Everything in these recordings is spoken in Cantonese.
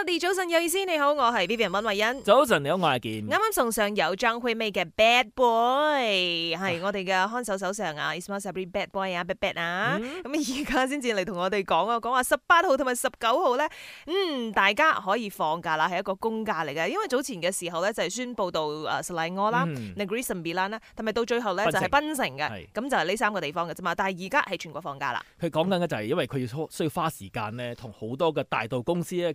我哋早晨有意思，你好，我係 Vivian 溫慧欣。早晨你好，我係健。啱啱送上有張惠妹嘅 Bad Boy，係、啊、我哋嘅看守手上啊，啊，Ismael 嘅 Bad Boy 啊，Bad Bad 啊，咁啊而家先至嚟同我哋講啊，講話十八號同埋十九號咧，嗯，大家可以放假啦，係一個公假嚟嘅，因為早前嘅時候咧就係、是、宣布到誒、啊、雪蘭莪啦、Negreson 米、嗯、蘭啦，同埋到最後咧就係檳城嘅，咁就係呢三個地方嘅啫嘛，但係而家係全國放假啦。佢講緊嘅就係因為佢要需要花時間咧，同好多嘅大道公司咧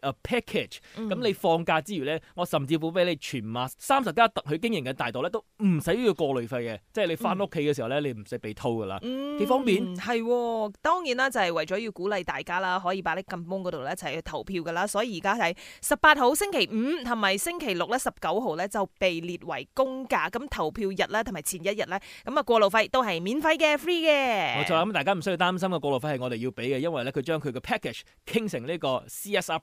啊 A package，咁、嗯、你放假之餘呢，我甚至乎俾你全馬三十家特許經營嘅大道呢，都唔使要過路費嘅，即係你翻屋企嘅時候呢，嗯、你唔使被偷噶啦，幾方便。係、嗯哦，當然啦，就係、是、為咗要鼓勵大家啦，可以把啲咁峯嗰度咧一齊去投票嘅啦，所以而家係十八號星期五同埋星期六咧，十九號呢就被列為公假，咁投票日咧同埋前一日呢，咁啊過路費都係免費嘅 free 嘅。冇錯，咁大家唔需要擔心嘅過路費係我哋要俾嘅，因為呢，佢將佢嘅 package 傾成呢個 CSR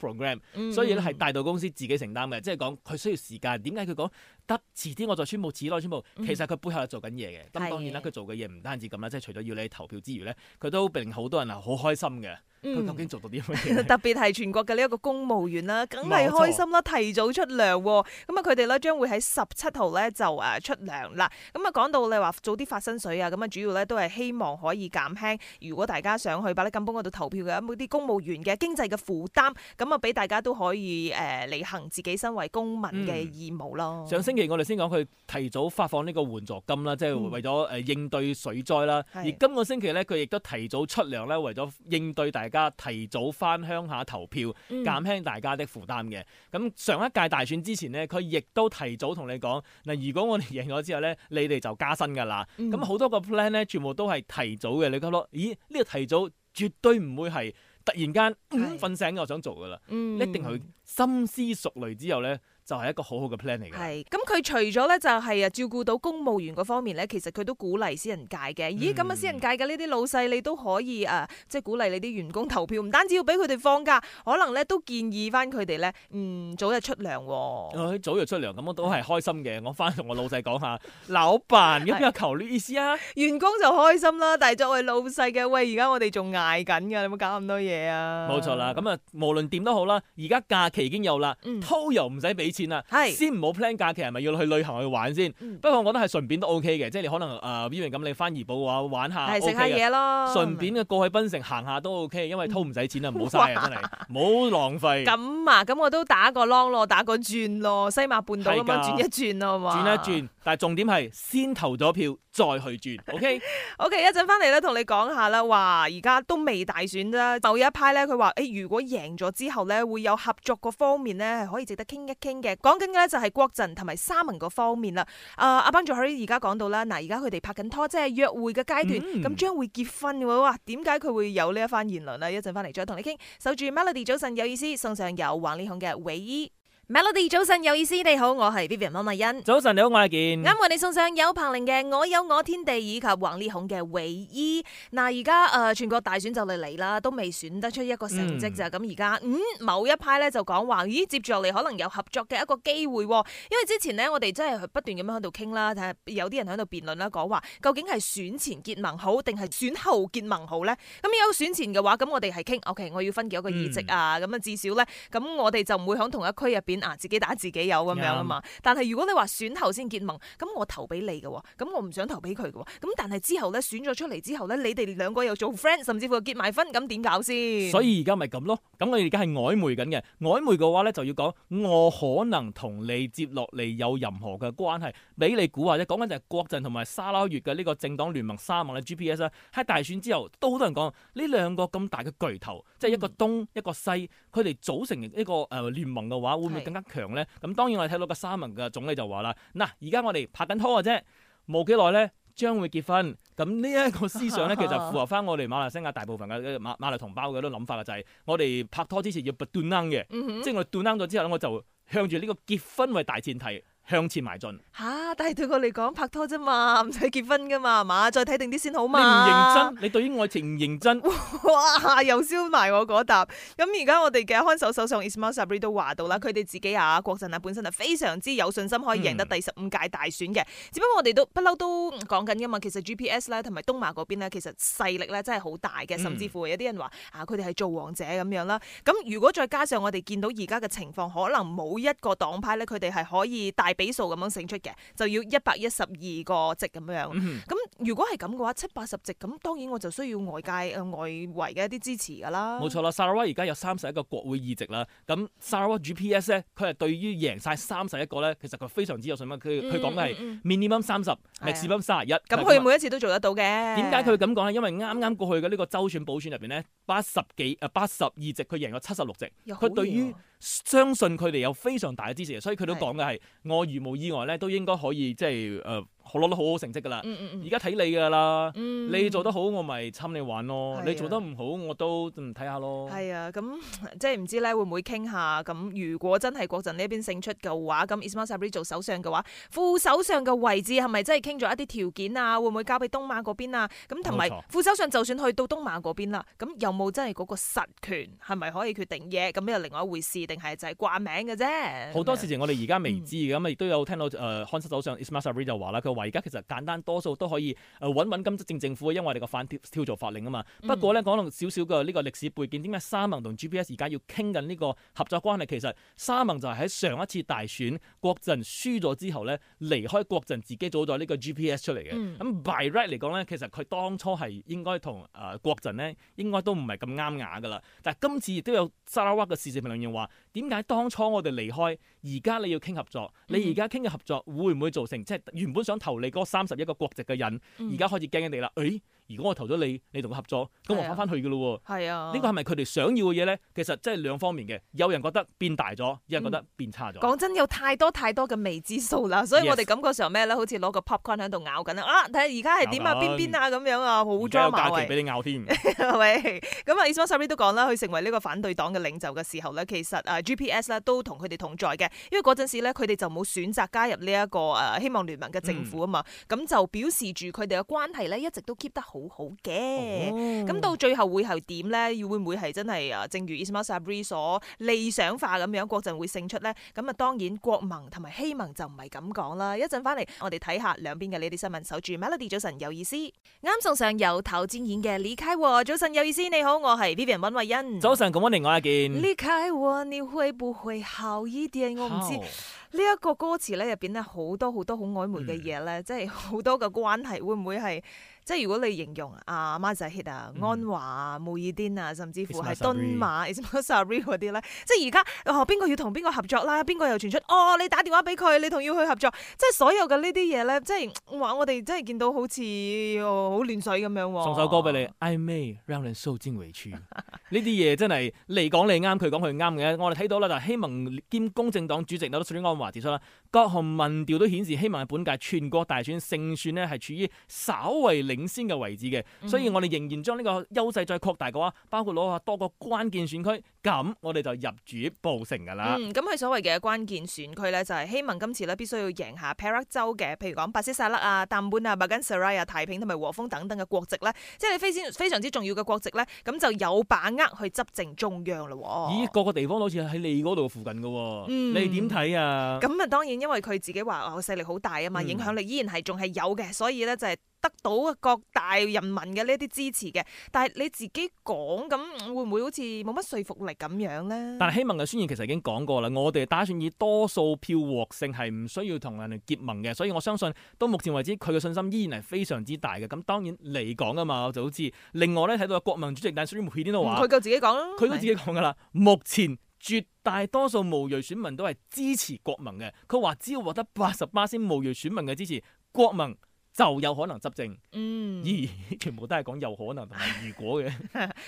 嗯、所以咧，係大道公司自己承擔嘅，即係講佢需要時間。點解佢講得遲啲我再宣布，遲耐宣布？其實佢背後係做緊嘢嘅。咁當然啦，佢做嘅嘢唔單止咁啦，即係除咗要你投票之餘咧，佢都令好多人係好開心嘅。佢、嗯、究竟做到啲乜嘢？ 特別係全國嘅呢一個公務員啦、啊，梗係開心啦、啊，提早出糧喎。咁啊，佢哋咧將會喺十七號咧就啊出糧啦。咁啊，講到你話早啲發薪水啊，咁啊，主要咧都係希望可以減輕，如果大家想去百立金邦嗰度投票嘅，每啲公務員嘅經濟嘅負擔，咁啊，俾大家都可以誒履、呃、行自己身為公民嘅義務咯、嗯。上星期我哋先講佢提早發放呢個援助金啦，即係為咗誒應對水災啦。嗯、而今個星期咧，佢亦都提早出糧咧，為咗應對大家。提早翻鄉下投票，減輕大家的負擔嘅。咁、嗯、上一屆大選之前呢，佢亦都提早同你講嗱，如果我哋贏咗之後呢，你哋就加薪噶啦。咁好、嗯、多個 plan 呢，全部都係提早嘅。你覺得，咦？呢、呢個提早絕對唔會係突然間瞓醒我想做噶啦，是一定係深思熟慮之後呢。就係一個好好嘅 plan 嚟嘅。係，咁佢除咗咧就係啊照顧到公務員嗰方面咧，其實佢都鼓勵私人界嘅。嗯、咦，咁啊私人界嘅呢啲老細，你都可以誒、呃，即係鼓勵你啲員工投票，唔單止要俾佢哋放假，可能咧都建議返佢哋咧，唔、嗯、早日出糧喎、哦哦。早日出糧，咁我都係開心嘅。 我返同我老細講下，老闆，邊有求呢意思啊？員工就開心啦，但係作為老細嘅，喂，而家我哋仲捱緊㗎，你冇搞咁多嘢啊？冇錯啦，咁啊，無論點都好啦，而家假期已經有啦，偷又唔使俾。是先係先唔好 plan 假期，係咪要去旅行去玩先？嗯、不過我覺得係順便都 O K 嘅，即係你可能誒呢樣咁，呃、你翻怡保玩下，食下嘢咯。順便嘅過去檳城行下都 O、OK, K，、嗯、因為偷唔使錢啊，唔好嘥啊，哇真係唔好浪費。咁啊，咁我都打個 long 咯，打個轉咯，西馬半島咁的樣轉一轉咯，好、啊、一嘛？但重點係先投咗票再去轉。OK OK，一陣翻嚟，咧同你講下啦。哇，而家都未大選啫，某一派咧佢話，誒、欸、如果贏咗之後咧會有合作個方面咧係可以值得傾一傾嘅。講緊嘅咧就係國陣同埋沙文個方面啦。阿阿班長喺而家講到啦，嗱而家佢哋拍緊拖，即係約會嘅階段，咁將、嗯、會結婚嘅話，點解佢會有呢一番言論啊？一陣翻嚟再同你傾。守住 Melody 早晨有意思，送上由黃禮雄嘅唯衣。Melody 早晨有意思，你好，我係 Vivian 麥欣早晨你好，我阿健。啱為你送上有彭羚嘅《我有我天地》，以及王力宏嘅《唯一》。嗱，而家誒全國大選就嚟嚟啦，都未選得出一個成績啫。咁而家嗯,嗯某一派咧就講話，咦，接住落嚟可能有合作嘅一個機會、哦。因為之前呢，我哋真係不斷咁樣喺度傾啦，睇下有啲人喺度辯論啦，講話究竟係選前結盟好，定係選後結盟好咧？咁有選前嘅話，咁我哋係傾，OK，我要分幾多個議席啊？咁啊、嗯，至少咧，咁我哋就唔會喺同一區入邊。啊！自己打自己有咁樣啦嘛，um, 但係如果你話選後先結盟，咁我投俾你嘅，咁我唔想投俾佢嘅，咁但係之後咧選咗出嚟之後咧，你哋兩個又做 friend，甚至乎結埋婚，咁點搞先？所以而家咪咁咯，咁我而家係曖昧緊嘅，曖昧嘅話咧就要講，我可能同你接落嚟有任何嘅關係。俾你估下啫，講緊就係國陣同埋沙撈越嘅呢個政黨聯盟沙盟咧 GPS 喺大選之後都好多人講呢兩個咁大嘅巨頭，即係一個東、嗯、一個西，佢哋組成一個誒聯、呃、盟嘅話，會唔會？更加強咧，咁當然我睇到個三文嘅總理就話啦，嗱，而家我哋拍緊拖嘅啫，冇幾耐咧將會結婚，咁呢一個思想咧，其實符合翻我哋馬來西亞大部分嘅馬馬來同胞嘅嗰啲諗法嘅，就係，我哋拍拖之前要不斷掹嘅，嗯、哼即係我哋斷掹咗之後咧，我就向住呢個結婚為大前提。向前邁進嚇、啊，但係對佢嚟講拍拖啫嘛，唔使結婚噶嘛，係嘛？再睇定啲先好嘛。你唔認真，你對於愛情唔認真， 哇！又燒埋我嗰沓。咁而家我哋嘅看守首相 Ismail Sabri 都話到啦，佢哋自己啊，國陣啊，本身係非常之有信心可以贏得第十五屆大選嘅。只不過我哋都不嬲都講緊噶嘛，其實 GPS 啦，同埋東馬嗰邊咧，其實勢力咧真係好大嘅，甚至乎有啲人話啊，佢哋係造王者咁樣啦。咁、嗯、如果再加上我哋見到而家嘅情況，可能冇一個黨派咧，佢哋係可以帶。比數咁樣勝出嘅就要一百一十二個席咁樣，咁、嗯、哼如果係咁嘅話，七八十席咁當然我就需要外界啊、呃、外圍嘅一啲支持㗎啦。冇錯啦，Sarawak 而家有三十一個國會議席啦，咁 Sarawak G P S 咧，佢係對於贏晒三十一個咧，其實佢非常之有信心。佢佢講係 minimum 三十，maximum 三十一、嗯，咁佢每一次都做得到嘅。點解佢咁講咧？因為啱啱過去嘅呢個州選補選入邊咧，八十幾啊八十二席，佢贏咗七十六席，佢對於。相信佢哋有非常大嘅支持，所以佢都講嘅係，是的 我如無意外咧，都應該可以即係。誒、呃。好攞到好好成績噶啦，而家睇你噶啦，嗯、你做得好我咪撐你玩咯，啊、你做得唔好我都睇下咯。係啊，咁、嗯、即係唔知咧會唔會傾下？咁如果真係國陣呢一邊勝出嘅話，咁 Ismail Sabri 做首相嘅話，副首相嘅位置係咪真係傾咗一啲條件啊？會唔會交俾東馬嗰邊啊？咁同埋副首相就算去到東馬嗰邊啦，咁有冇真係嗰個實權係咪可以決定嘢？咁、yeah, 又另外一回事，定係就係掛名嘅啫。好多事情我哋而家未知，咁亦都有聽到誒，看守首相 Ismail Sabri 就話啦，話而家其實簡單，多數都可以揾揾、呃、金執政政府，因為我哋個反跳跳槽法令啊嘛。嗯、不過咧，講到少少嘅呢個歷史背景，點解沙盟同 GPS 而家要傾緊呢個合作關係？其實沙盟就係喺上一次大選國陣輸咗之後咧，離開國陣自己做咗、嗯嗯、呢個 GPS 出嚟嘅。咁 by right 嚟講咧，其實佢當初係應該同誒國陣咧，應該都唔係咁啱雅噶啦。但係今次亦都有砂拉越嘅時事評論員話：點解當初我哋離開，而家你要傾合作？你而家傾嘅合作會唔會造成、嗯、即係原本想？頭嚟嗰三十一個國籍嘅人，而家開始驚緊你啦！誒、哎。如果我投咗你，你同佢合作，咁我翻翻去嘅咯喎。係啊，呢個係咪佢哋想要嘅嘢咧？其實即係兩方面嘅，有人覺得變大咗，有人覺得變差咗。講、嗯、真，有太多太多嘅未知數啦，所以我哋感覺上咩咧？好似攞個 popcorn 喺度咬緊啊！啊，睇下而家係點啊？邊邊啊咁樣啊，好裝麻維。有價錢俾你咬添，係咪、嗯？咁啊 Ismail Sabri 都講啦，佢成為呢個反對黨嘅領袖嘅時候咧，其實啊，GPS 咧都同佢哋同在嘅，因為嗰陣時咧佢哋就冇選擇加入呢一個啊希望聯盟嘅政府啊嘛，咁就表示住佢哋嘅關係咧一直都 keep 得好。好好嘅，咁、哦、到最後會係點咧？會唔會係真係啊？正如 Ismael Sabri 所理想化咁樣，國陣會勝出咧？咁啊，當然國盟同埋希望就唔係咁講啦。一陣翻嚟，我哋睇下兩邊嘅呢啲新聞。守住 Melody 早晨有意思，啱送上由頭戰演嘅離開我。早晨有意思，你好，我係 Vivian 溫慧欣。早晨，咁翻另外一件。離開我，你會不會好一啲？我唔知呢一 How? 個歌詞咧入邊咧好多好多好曖昧嘅嘢咧，嗯、即係好多嘅關係會唔會係？即係如果你形容阿 m 仔、Hit 啊、安華啊、穆爾丁啊，甚至乎係敦馬、i s m a i r 嗰啲咧，即係而家哦，邊個要同邊個合作啦？邊個又傳出哦，你打電話俾佢，你同要去合作。即係所有嘅呢啲嘢咧，即係話我哋真係見到好似好亂水咁樣喎。送首歌俾你，I may let them so into。呢啲嘢真係嚟講你啱，佢講佢啱嘅。我哋睇到啦，就希盟兼公正黨主席拿督斯里安華指出啦，各項民調都顯示希盟本屆全國大選勝算呢，係處於稍為零領先嘅位置嘅，嗯、所以我哋仍然將呢個優勢再擴大嘅話，包括攞下多個關鍵選區，咁我哋就入主布城噶啦。咁佢、嗯、所謂嘅關鍵選區咧，就係、是、希望今次咧必須要贏下 Perak 州嘅，譬如講白沙沙勒啊、淡本啊、Bergen Seraya、啊、太平同埋和風等等嘅國席咧，即係非非常之重要嘅國席咧，咁就有把握去執政中央咯。咦，各個地方都好似喺你嗰度附近噶，嗯、你點睇啊？咁啊、嗯，當然因為佢自己話個勢力好大啊嘛，影響力依然係仲係有嘅，所以咧就係、是。得到各大人民嘅呢啲支持嘅，但係你自己講，咁，會唔會好似冇乜說服力咁樣呢？但係希盟嘅宣言其實已經講過啦，我哋打算以多數票獲勝，係唔需要同人哋結盟嘅，所以我相信到目前為止佢嘅信心依然係非常之大嘅。咁當然嚟講啊嘛，我就好似另外咧睇到國民主席，但係屬於穆鐵聰話，佢夠自己講，佢都自己講噶啦。是目前絕大多數巫裔選民都係支持國盟嘅，佢話只要獲得八十巴仙巫裔選民嘅支持，國盟。就有可能執政，嗯，依全部都係講有可能同埋如果嘅，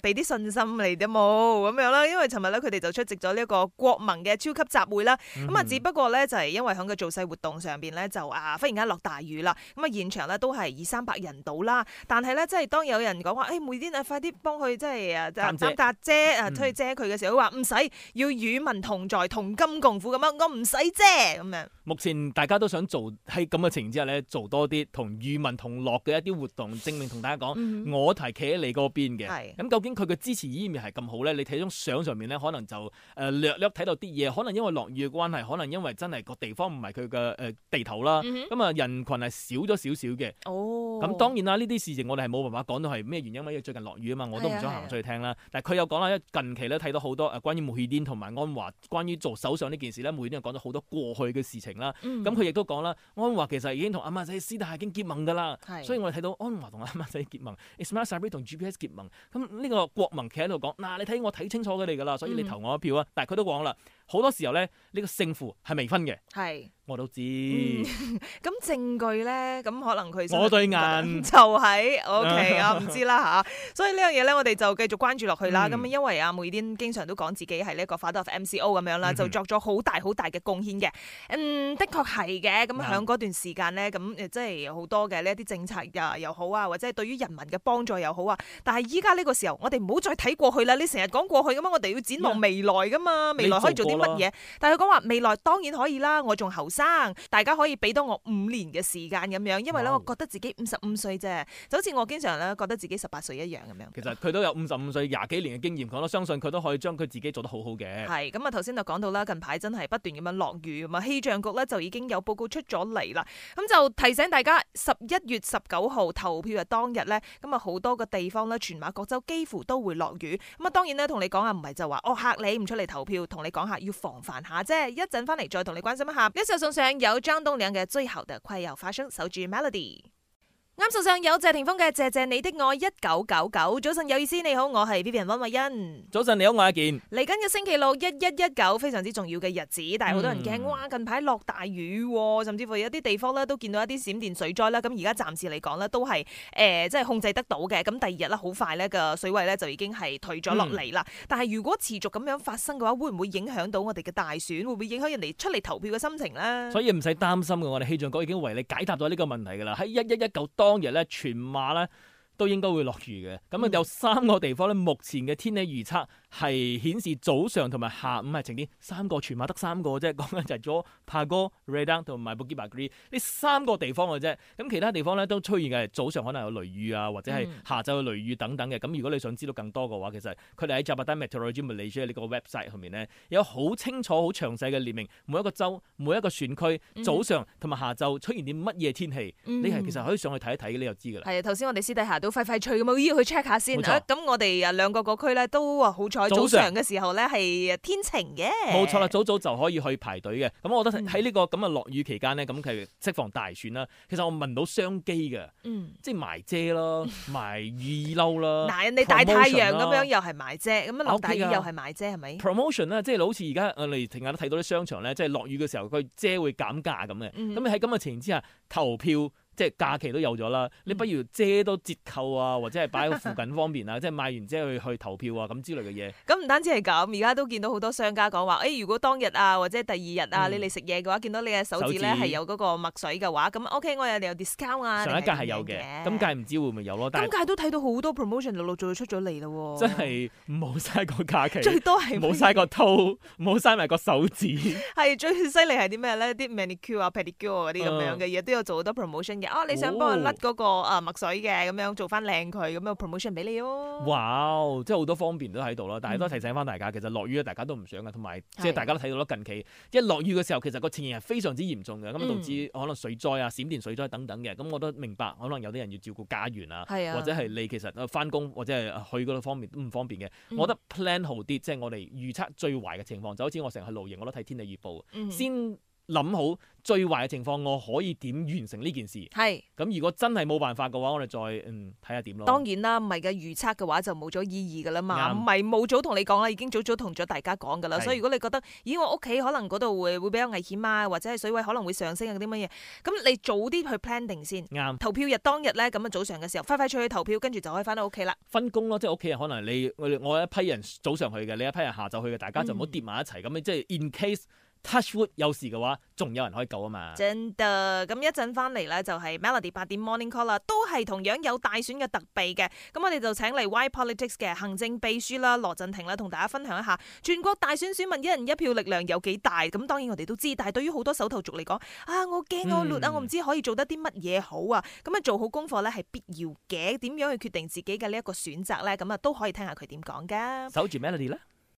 俾啲 信心嚟都冇咁樣啦。因為尋日咧佢哋就出席咗呢一個國民嘅超級集會啦。咁啊、嗯，只不過咧就係、是、因為喺個造勢活動上邊咧就啊忽然間落大雨啦。咁啊現場咧都係二三百人到啦。但係咧即係當有人講話誒每天啊，快啲幫佢即係啊擔架遮啊，出去遮佢嘅時候，佢話唔使要與民同在，同甘共苦咁樣，我唔使遮咁樣。目前大家都想做喺咁嘅情況之下咧，做多啲同，與民同樂嘅一啲活動，證明同大家講，嗯、哼我係企喺你嗰邊嘅。咁是、嗯，究竟佢嘅支持意念係咁好咧？你睇張相上面咧，可能就誒、呃、略略睇到啲嘢，可能因為落雨嘅關係，可能因為真係個地方唔係佢嘅誒地頭啦。咁啊、嗯哼，人群係少咗少少嘅。咁、哦嗯、當然啦，呢啲事情我哋係冇辦法講到係咩原因，因為最近落雨啊嘛，我都唔想行出去聽啦。啊啊、但係佢又講啦，近期咧睇到好多誒關於穆爾丁同埋安華關於做首相呢件事咧，穆爾丁講咗好多過去嘅事情啦。咁佢亦都講啦，安華其實已經同阿馬仔斯達已經噶啦，所以我哋睇到安華同阿馬仔結盟，Ismail Sabri 同 GPS 結盟，咁呢的個國民企喺度講，嗱、啊、你睇我睇清楚佢哋噶啦，所以你投我一票啊！嗯、但係佢都講啦，好多時候咧呢、呢個勝負係未分嘅。我都知，咁、嗯、證據咧，咁可能佢我對眼 就係、是、OK 啊，唔知啦吓，所以呢樣嘢咧，我哋就繼續關注落去啦。咁、嗯、因為阿梅天經常都講自己係呢個法德達 MCO 咁樣啦，嗯、哼就作咗好大好大嘅貢獻嘅。嗯，的確係嘅。咁、嗯、響、嗯、段時間咧，咁、嗯、誒即係有好多嘅呢一啲政策啊又好啊，或者係對於人民嘅幫助又好啊。但係依家呢個時候，我哋唔好再睇過去啦。你成日講過去咁啊，我哋要展望未來噶嘛，麼未來可以做啲乜嘢？但係佢講話未來當然可以啦，我仲後生，大家可以俾多我五年嘅時間咁樣，因為咧我覺得自己五十五歲啫，就好似我經常咧覺得自己十八歲一樣咁樣。其實佢都有五十五歲廿幾年嘅經驗，講得相信佢都可以將佢自己做得好好嘅。係咁啊，頭先就講到啦，近排真係不斷咁樣落雨啊嘛，氣象局咧就已經有報告出咗嚟啦。咁就提醒大家十一月十九號投票嘅當日咧，咁啊好多個地方咧，全馬各州幾乎都會落雨。咁啊當然咧同你講啊，唔係就話我嚇你唔出嚟投票，同你講下要防範下啫。一陣翻嚟再同你關心一下。一送上由張棟樑嘅最好的快要發生，守住 melody。啱數上有謝霆鋒嘅《謝謝你的愛》一九九九，早晨有意思你好，我係 Vivian 溫慧欣。早晨你好，我係阿健。嚟緊嘅星期六一一一九非常之重要嘅日子，但係好多人驚、嗯、哇，近排落大雨、啊，甚至乎有啲地方咧都見到一啲閃電水災啦、啊。咁而家暫時嚟講呢都係誒即係控制得到嘅。咁第二日咧好快呢個水位咧就已經係退咗落嚟啦。嗯、但係如果持續咁樣發生嘅話，會唔會影響到我哋嘅大選？會唔會影響人哋出嚟投票嘅心情呢？所以唔使擔心，我哋氣象局已經為你解答咗呢個問題噶啦。喺一一一九當日咧，全馬咧都應該會落雨嘅。咁啊，有三個地方咧，目前嘅天氣預測。係顯示早上同埋下午係晴天，三個全馬得三個啫，講緊就係咗帕哥、Redang 同埋 Bukit Batu。呢三個地方嘅啫，咁其他地方咧都出現係早上可能有雷雨啊，或者係下晝有雷雨等等嘅。咁如果你想知道更多嘅話，其實佢哋喺《Jabatan Meteorology》呢個 website 後面咧，有好清楚、好詳細嘅列明每一個州、每一個選區早上同埋下晝出現啲乜嘢天氣。嗯、你係其實可以上去睇一睇，你就知噶啦。係啊，頭先我哋私底下都快快脆咁啊，我要去 check 下先，咁冇錯、哎、我哋啊兩個個區咧都啊好。早上嘅時候咧係天晴嘅，冇錯啦，早早就可以去排隊嘅。咁我覺得喺呢個咁嘅落雨期間咧，咁係、mm hmm. 釋放大選啦。其實我聞到商機嘅，mm hmm. 即係買遮咯，買雨褸啦。嗱， 人哋大太陽咁樣又係買遮，咁啊落大雨又係買遮，係咪？Promotion 啦，即係好似而家我哋成日都睇到啲商場咧，即係落雨嘅時候佢遮會減價咁嘅。咁喺咁嘅情況之下，投票。即係假期都有咗啦，你不如借多折扣啊，或者係擺喺附近方面啊， 即係買完即係去投票啊咁之類嘅嘢。咁唔單止係咁，而家都見到好多商家講話，誒、哎、如果當日啊或者第二日啊，嗯、你嚟食嘢嘅話，見到你嘅手指咧係指有嗰個墨水嘅話，咁 O K，我有有 discount 啊。上一屆係有嘅，今屆唔知會唔會有咯。今屆都睇到好多 promotion 陸陸續續出咗嚟咯。真係冇晒個假期，最多係冇晒個套，冇晒埋個手指。係 最犀利係啲咩咧？啲 manicure 啊、pedicure 嗰啲咁樣嘅嘢，都要做好多 promotion。啊！你、哦哦、想幫人甩嗰個啊墨水嘅咁樣做翻靚佢咁樣 promotion 俾你哦！哇！即係好多方便都喺度啦，但係都提醒翻大家，嗯、其實落雨大家都唔想嘅，同埋即係大家都睇到咯。近期是一落雨嘅時候，其實個情形係非常之嚴重嘅，咁導致可能水災啊、閃電水災等等嘅。咁我都明白，可能有啲人要照顧家園啊，或者係你其實翻工或者係去嗰度方面都唔方便嘅。嗯、我覺得 plan 好啲，即、就、係、是、我哋預測最壞嘅情況。就好似我成日去露營，我都睇天氣預報先。諗好最壞嘅情況，我可以點完成呢件事？係咁是，如果真係冇辦法嘅話，我哋再嗯睇下點咯。看看當然啦，唔係嘅預測嘅話就冇咗意義噶啦嘛，唔係冇早同你講啦，已經早早同咗大家講噶啦。是所以如果你覺得，咦，我屋企可能嗰度會會比較危險啊，或者係水位可能會上升啊，啲乜嘢，咁你早啲去 planning 先。啱對。投票日當日咧，咁啊早上嘅時候快快出去投票，跟住就可以返到屋企啦。分工咯，即係屋企人可能你我一批人早上去嘅，你一批人下晝去嘅，大家就唔好跌埋一齊咁樣，嗯、即係 in case。Touch wood 有事嘅話，仲有人可以救啊嘛！真嘅，咁一陣翻嚟咧，就係 Melody 八點 Morning Call 啦，都係同樣有大選嘅特備嘅。咁我哋就請嚟 Y Politics 嘅行政秘書啦，羅振廷啦，同大家分享一下全國大選選民一人一票力量有幾大。咁當然我哋都知，但係對於好多手頭族嚟講，啊，我驚我亂啊，我唔知可以做得啲乜嘢好啊。咁啊、嗯，做好功課咧係必要嘅。點樣去決定自己嘅呢一個選擇咧？咁啊，都可以聽下佢點講噶。守住 Melody 啦。